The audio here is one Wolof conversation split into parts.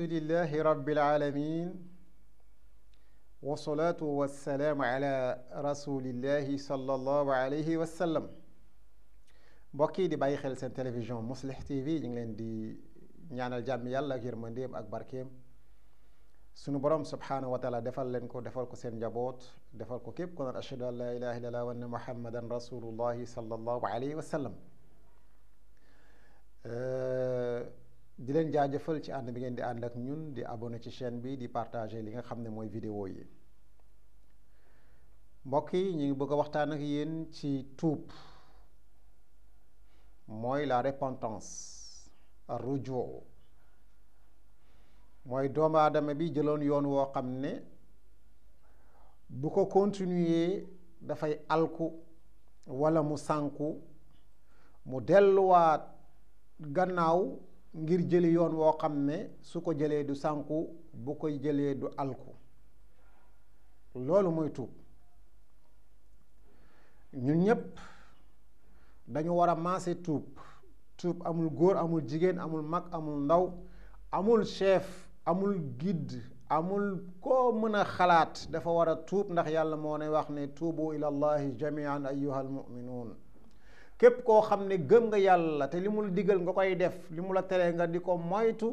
alhamdulilahi rabbil aalamiin wasalaatu wasalaamu ala rasulillahi sallallahu alayhi wa sallam mbokk yi di bàyyi xel seen télévision Mouslih TV ñu ngi leen di ñaanal jàmm yàlla ak yërmandeem ak barkeem sunu borom subhaanahu wa taala defal leen ko defal ko seen njaboot defal ko képp ku naan ashhadu an laa ilaaha illallah wa anna muhammadan rasulullahi sallallahu alayhi wa sallam. di leen jaajëfal ci ànd bi ngeen di ànd ak ñun di abonné ci chaîne bi di partager li nga xam ne mooy vidéo yi mbokk yi ñu ngi bëgg a waxtaan ak yéen ci tuub mooy la repentance rujo mooy doomu aadama bi jëloon yoon woo xam ne bu ko continuer dafay alku walla mu sànku mu delluwaat gannaaw ngir jëli yoon woo xam ne su ko jëlee du sanqu bu koy jëlee du alku loolu mooy tuub ñun ñépp dañu war a maase tuub tuub amul góor amul jigéen amul mag amul ndaw amul chef amul gidd amul koo mën a xalaat dafa war a tuub ndax yàlla moo ne wax ne tuubu ilallahi jamian ayyuhal mu'minuun képp koo xam ne gëm nga yàlla te li mu diggal nga koy def li mu la teree nga di ko moytu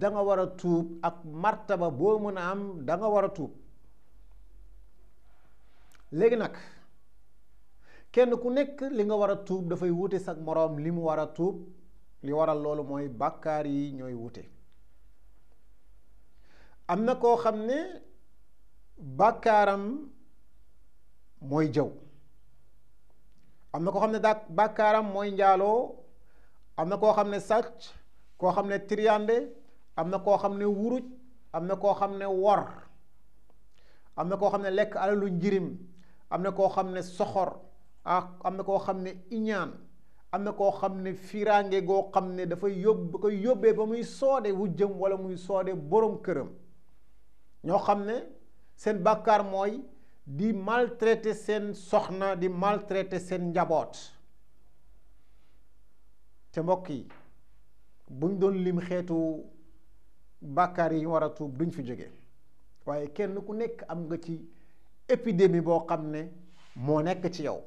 danga nga war a tuub ak martaba boo mën a am da nga war a tuub léegi nag kenn ku nekk li nga war a tuub dafay wuute sag moroom li mu war a tuub li waral loolu mooy bàkkaar yi ñooy wuute am na koo xam ne bàkkaaram mooy jëw am na koo xam ne daa bàkkaaram mooy njaaloo am na koo xam ne sàcc koo xam ne triyande am na koo xam ne wuruj am na koo xam ne wor am na koo xam ne lekk alalu njirim am na koo xam ne soxor ah am na koo xam ne iñaan am na koo xam ne fiiraange goo xam ne dafay ba koy yóbbee ba muy soode wu jëm wala muy soode boroom këram ñoo xam ne seen bàkkaar mooy di maltraiter seen soxna di maltraité seen njaboot ca mbokk yi buñ doon lim xeetu bàkkaar yi war a tuub duñ fi jóge waaye kenn ku nekk am nga ci épidémie boo xam ne moo nekk ci yow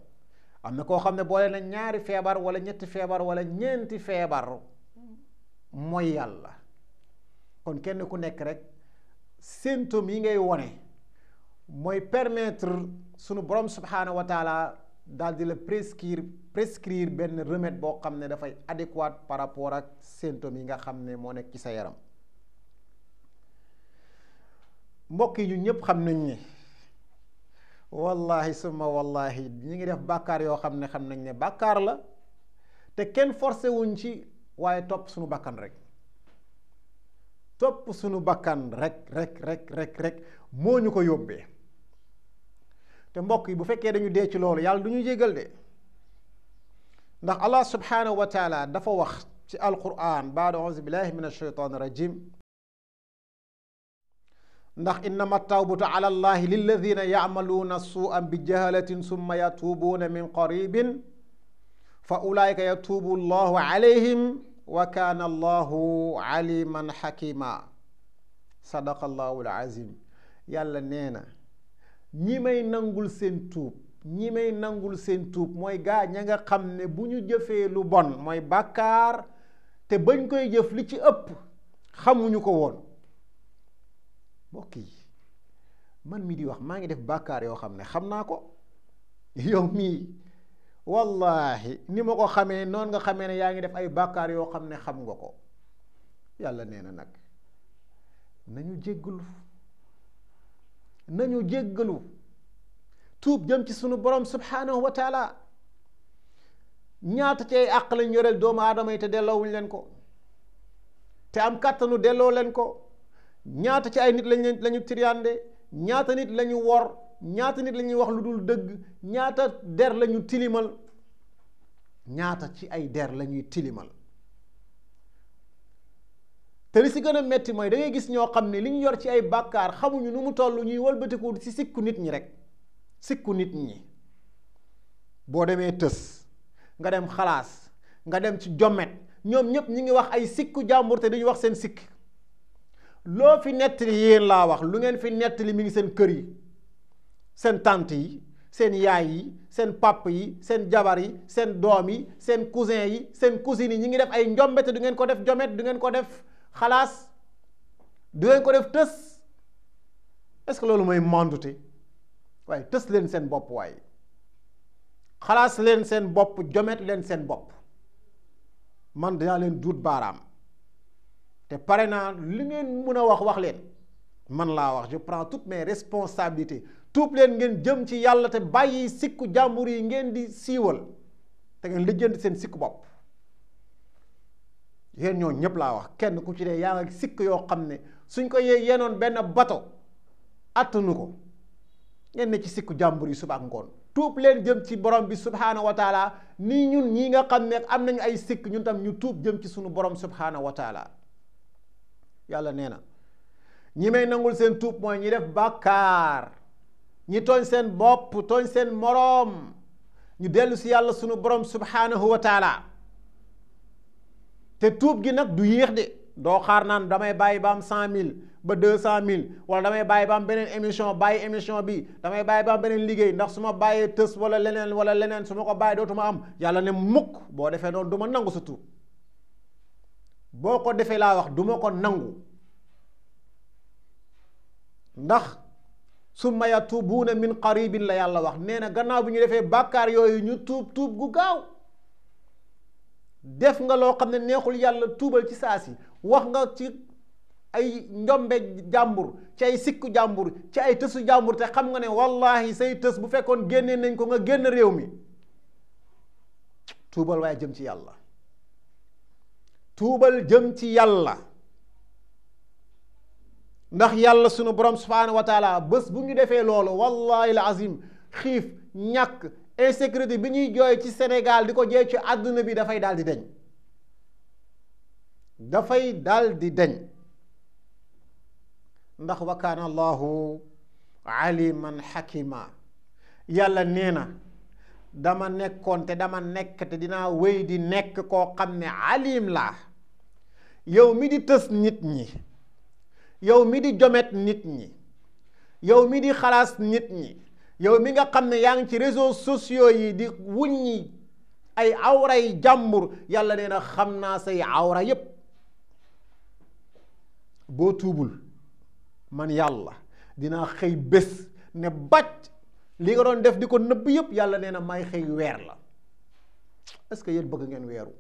am na koo xam ne boole na ñaari feebar wala ñetti feebar wala ñeenti feebar mooy yàlla kon kenn ku nekk rek symptômes yi ngay wone mooy permettre sunu borom subhaanahu wa taala daal di la prescrire prescrire benn remède boo xam ne dafay adéquat par rapport ak symptômes yi nga xam ne moo nekk ci sa yaram mbokk yi ñun ñëpp xam nañ ni wallahi summa wallahi ñi ngi def bàkkaar yoo xam ne xam nañ ne bàkkaar la te kenn forcé wuñ ci waaye topp sunu bakkan rek topp sunu bakkan rek rek rek rek rek moo ñu ko yóbbee te mbokk yi bu fekkee dañu dee ci loolu yàlla du ñu jégal de ndax allah subhanahu wa taala dafa wax ci alquran baada auzu billahi min ashaytan rajim ndax innama tawbatu ala allahi lilladina yamaluuna suuan bi jahalatin summa yatuubuuna min qaribin fa ulaayika yatuubu allahu alayhim wa kaana allahu aliman xakima sadaqa allahu alazim yàlla nee na ñi may nangul seen tuub ñi may nangul seen tuub mooy gaa ña nga xam ne bu ñu jëfee lu bon mooy bàkkaar te bañ koy jëf li ci ëpp xamuñu ko woon mbokk yi man mii di wax maa ngi def bàkkaar yoo xam ne xam naa ko yow mii wallahi ni ma ko xamee noonu nga xamee ne yaa ngi def ay bàkkaar yoo xam ne xam nga ko yàlla nee na nag nañu jéggul nañu jéggalu tuub jëm ci sunu borom subhanahu wa taala ñaata ci ay àq lañ yoreel doomu aadama yi te delloowuñ leen ko te am kàttanu delloo leen ko ñaata ci ay nit lañ lañu tiriande ñaata nit lañu wor ñaata nit lañuy wax lu dul dëgg ñaata der lañu tilimal ñaata ci ay der lañuy tilimal te li si gën a metti mooy dangay gis ñoo xam ne li ñu yor ci ay bàkkaar xamuñu nu mu toll ñuy wëlbatiku si sikku nit ñi rek sikku nit ñi boo demee tës nga dem xalaas nga dem ci jomet ñoom ñëpp ñu ngi wax ay sikku jàmbur te duñu wax seen sikk loo fi nettali yéen laa wax lu ngeen fi nettali mi ngi seen kër yi seen tànt yi seen yaay yi seen pàpp yi seen jabar yi seen doom yi seen cousin yi seen cousine yi ñu ngi def ay njombete te du ngeen ko def jomet du ngeen ko def xalaas du ngeen ko def tës est que loolu mooy mandute waaye tës leen seen bopp waaye xalaas leen seen bopp jomet leen seen bopp man dinaa leen duut baaraam te pare naa li ngeen mun a wax wax leen man laa wax je prends toutes mes responsabilités tuub leen ngeen jëm ci yàlla te bàyyi sikku jàmbur yi ngeen di siiwal te ngeen lijjanti seen sikku bopp yéen ñoo ñëpp laa wax kenn ku ci ne yaa ngi sikk yoo xam ne suñ ko yee yenoon benn bato attanu ko ngeen ne ci sikku jàmbur yi suba ngoon tuub leen jëm ci borom bi subhaanahu wa taala nii ñun ñii nga xam ne am nañu ay sikk ñun tam ñu tuub jëm ci sunu borom subhaanahu wa taala yàlla nee na ñi may nangul seen tuub mooy ñi def bàkkaar ñi tooñ seen bopp tooñ seen moroom ñu dellu si yàlla sunu borom subhaanahu wa taala te tuub gi nag du yéex de doo xaar naan damay bàyyi ba am cent mille ba deux cent mille wala damay bàyyi ba am beneen émission bàyyi émission bi damay bàyyi ba am beneen liggéey ndax su ma bàyyee tës wala leneen wala leneen su ma ko bàyyi dootuma am yàlla ne mukk boo defee noonu du ma nangu sa tuub boo ko defee laa wax du ma ko nangu ndax summa yatubuuna min qaribin la yàlla wax nee na gannaaw bi ñu defee bàkkaar yooyu ñu tuub tuub gu gaaw def nga loo xam ne neexul yàlla tuubal ci saa si wax nga ci ay njombe jàmbur ci ay sikku jàmbur ci ay tësu jàmbur te xam nga ne wallahi say tës bu fekkoon génnee nañ ko nga génn réew mi tuubal waaye jëm ci yàlla tuubal jëm ci yàlla ndax yàlla sunu borom subhaanahu wa bés bu ñu defee loolu wallahi al azim xiif ñàkk insécurité bi ñuy jooy ci Sénégal di ko jooy ci àdduna bi dafay daal di deñ dafay daldi di deñ ndax wa kaana allahu yàlla nee na dama nekkoon te dama nekk te dinaa wéy di nekk koo xam ne alim laa yow mi di tës nit ñi yow mi di jomet nit ñi yow mi di xalaas nit ñi yow mi nga xam ne yaa ngi ci réseau sociaux yi di wuññi ay awra yi jàmbur yàlla nee na xam naa say awra yépp boo tuubul man yàlla dinaa xëy bés ne bàcc li nga doon def di ko nëbb yépp yàlla nee na may xëy weer la est que yéen bëgg ngeen weeru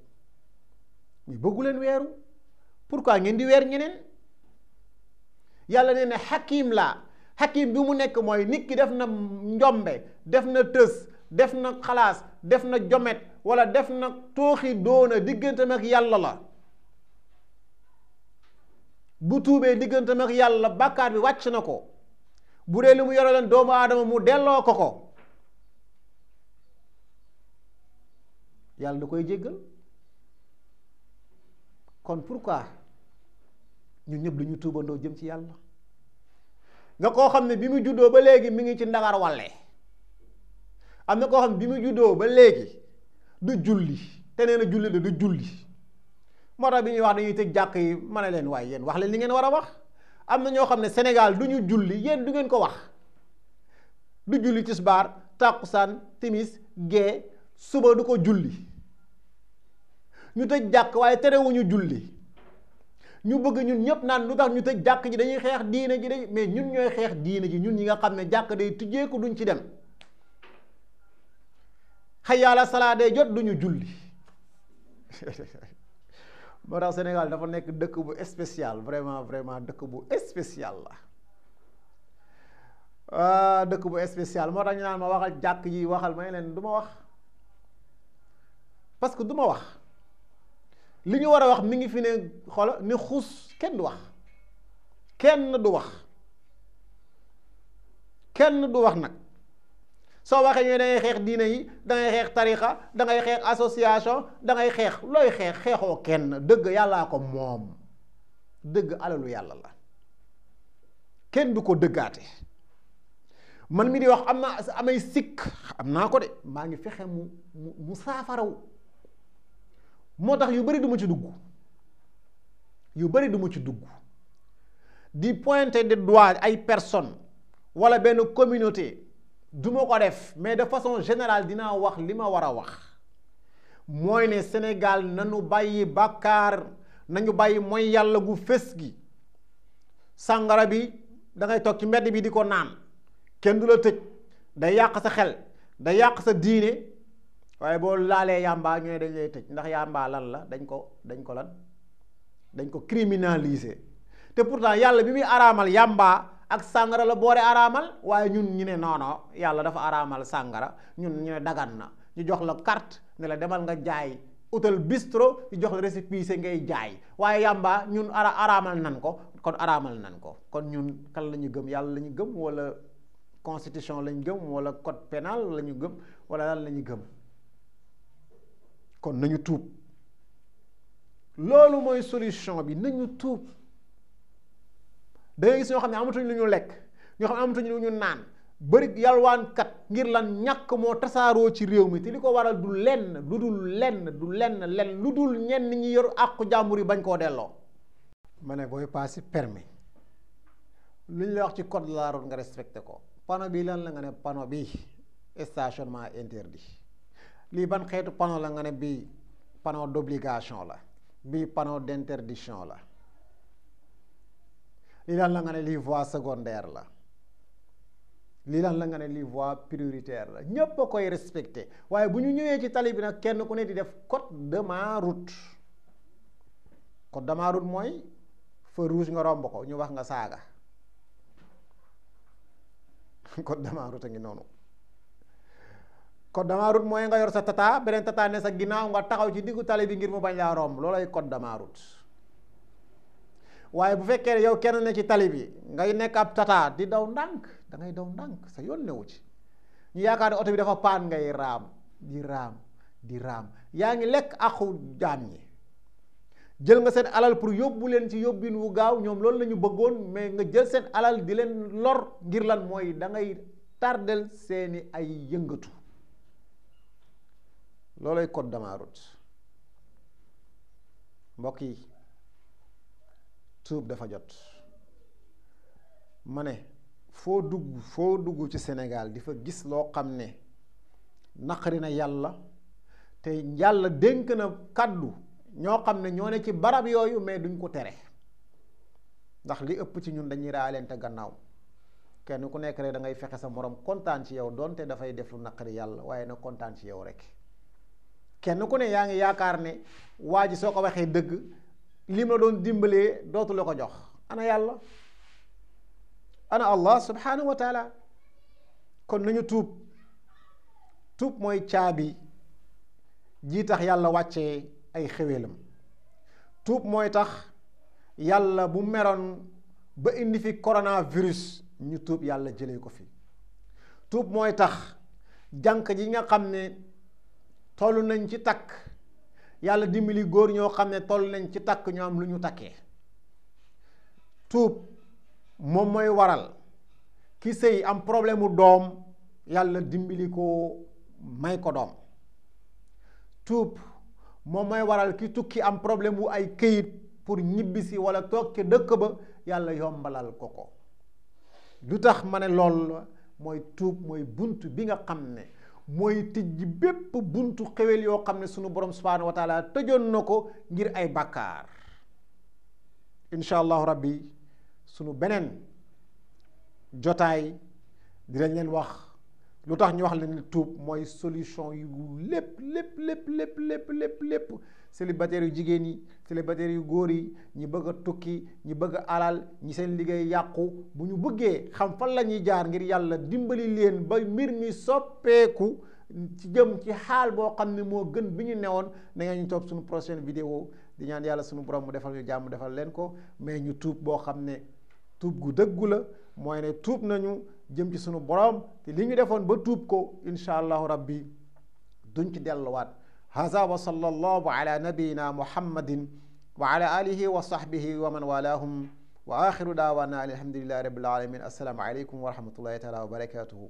mais bëggu leen weeru pourquoi ngeen di weer ñeneen yàlla nee na xakim laa xakim bi mu nekk mooy nit ki def na njombe def na tës def na xalaas def na jomet wala def na tooxi doona diggante ak yàlla la bu tuubee diggante ak yàlla bàkkaar bi wàcc na ko bu dee li mu yore leen doomu aadama mu delloo ko ko yàlla da koy jéggal kon pourquoi ñun ñëpp du ñu tuubandoo jëm ci yàlla nga koo xam ne bi mu juddoo ba léegi mi ngi ci ndagar wàlle am na koo xam ne bi mu juddoo ba léegi du julli te nee na julli la du julli moo tax bi ñuy wax dañuy tëj jàkk yi ma ne leen waaye yéen wax leen li ngeen war a wax am na ñoo xam ne Sénégal du ñu julli yéen du ngeen ko wax du julli tisbaar tàkkusaan timis gee suba du ko julli ñu tëj jàkk waaye terewuñu julli ñu bëgg ñun ñëpp naan lu tax ñu tëj jàkk ji dañuy xeex diine ji dañ mais ñun ñooy xeex diine ji ñun ñi nga xam ne jàkk day tijjeeku duñ ci dem xayaala yàlla day jot duñu julli moo tax Sénégal dafa nekk dëkk bu spécial vraiment vraiment dëkk bu spécial la ah dëkk bu spécial moo tax ñu naan ma waxal jàkk ji waxal may leen du ma wax parce que du ma wax li ñu war a wax mi ngi fi ne xoola ne xuus kenn du wax kenn du wax kenn du wax nag soo waxee ñu dangay xeex diine yi dangay xeex tarixa dangay xeex association dangay xeex looy xeex xeexoo kenn dëgg yàllaa ko moom dëgg alalu yàlla la kenn du ko dëggaate man mi di wax am na amay sikk am naa ko de maa ngi fexe mu mu mu saafaraw moo tax yu bari du ma ci dugg yu bari du ma ci dugg di pointer de doigt ay personnes wala benn communauté duma ko def mais de façon générale dinaa wax li ma war a wax mooy ne Sénégal nañu bàyyi bàkkaar nañu bàyyi mooy yàlla gu fës gi sàngara bi da ngay toog ci mbedd bi di ko naan kenn du la tëj day yàq sa xel day yàq sa diine waaye boo laalee yàmbaa ñu ne dañ lay tëj ndax yàmbaa lan la dañ ko dañ ko lan dañ ko criminaliser te pourtant yàlla bi muy araamal yàmbaa ak sàngara la boore araamal waaye ñun ñu ne non yàlla dafa araamal sàngara ñun ñu ne dagan na ñu jox la carte ne la demal nga jaay utal bistro ñu jox la récépissé ngay jaay waaye yàmbaa ñun ara araamal nan ko kon araamal nan ko kon ñun kan la ñu gëm yàlla la ñu gëm wala constitution la ñu gëm wala code penal la ñu gëm wala lan la ñu gëm kon nañu tuub loolu mooy solution bi nañu tuub da ngay gis ñoo xam ne amatuñ lu ñu lekk ñoo xam ne amatuñ lu ñu naan bëri yalwaankat ngir lan ñàkk moo tasaaroo ci réew mi te li ko waral du lenn lu lenn du lenn lu dul ñenn ñi yor àqu jàmbur yi bañ koo delloo. ma ne booy paasi permis lu ñu la wax ci code de la nga respecté ko panneau bii lan la nga ne pano bi stationnement interdit. lii ban xeetu panneau la nga ne bii panneau d'obligation la bii panneau d'interdiction la lii lan la nga ne lii voie secondaire la lii lan la nga ne lii voie prioritaire la ñépp a koy respecté waaye bu ñu ñëwee ci tali bi nag kenn ku ne di def code de ma route code de route mooy feu rouge nga romb ko ñu wax nga saaga code de ma route a ngi noonu code de la mooy nga yor sa tata beneen tata ne sa ginnaaw nga taxaw ci diggu tali bi ngir mu bañ laa romb loolay code de waaye bu fekkee yow kenn ne ci tali bi ngay nekk ab tata di daw ndànk dangay ngay daw ndànk sa yoon newu ci ñu yaakaar ne oto bi dafa paan ngay raam di raam di raam yaa ngi lekk axu jaam yi jël nga seen alal pour yóbbu leen ci yóbbin wu gaaw ñoom loolu lañu bëggoon mais nga jël seen alal di leen lor ngir lan mooy dangay ngay tardel seeni ay yëngatu loolay code d'Amarut mbokk yi tuub dafa jot ma ne foo dugg foo dugg ci Sénégal di fa gis loo xam ne naqari na yàlla te yàlla dénk na kàddu ñoo xam ne ñoo ne ci barab yooyu mais duñ ko tere ndax li ëpp ci ñun dañuy raalante gannaaw kenn ku nekk rek da ngay fexe sa morom kontaan ci yow doonte dafay def lu naqari yàlla waaye na kontaan ci yow rek kenn ku ne yaa ngi yaakaar ne waa ji soo ko waxee dëgg lii ma doon dimbalee dootu ko jox ana yàlla ana allah subhanahu wa taala kon nañu tuub tuub mooy caabi jii tax yàlla wàcce ay xéwélam tuub mooy tax yàlla bu meroon ba indi fi coronavirus ñu tuub yàlla jëlee ko fi tuub mooy tax jànq ji nga xam ne toll nañ ci takk yàlla dimbili góor ñoo xam ne toll nañ ci takk ñoo am lu ñu takkee tuub moom mooy waral ki sëy am problème mu doom yàlla dimbali ko may ko doom tuub moom mooy waral ki tukki am problème wu ay këyit pour ñibbisi wala toog ca dëkk ba yàlla yombalal ko ko du tax ma ne lool mooy tuub mooy bunt bi nga xam ne mooy tijj bépp buntu xewel yoo xam ne suñu borom subhaanahu wa tëjoon na ko ngir ay bàkkaar incha allahu rabbi suñu beneen jotaay dinañ leen wax lu tax ñu wax leen tuub mooy solution yu lépp lépp lépp lépp lépp lépp lépp célibataire yu jigéen yi célibataire yu góor yi ñi bëgg a tukki ñi bëgg a alal ñi seen liggéey yàqu bu ñu bëggee xam fan la ñuy jaar ngir yàlla dimbali leen ba mbir mi soppeeku ci jëm ci xaal boo xam ne moo gën bi ñu newoon na ngeen ñu toog suñu prochaine vidéo di ñaan yàlla suñu borom mu defal ñu jàmm defal leen ko mais ñu tuub boo xam ne tuub gu dëggu la mooy ne tuub nañu jëm ci suñu borom te li ñu defoon ba tuub ko incha allahu rabbi duñ ci delluwaat hasa wa sallallahu ala nabiina muhammadin wa ala alihi wa sahbihi wa man walahum wa axiru daawaana alhamdulillahi rabbil alamin assalaamu aleykum wa rahmatullahi taala wa barakatuhu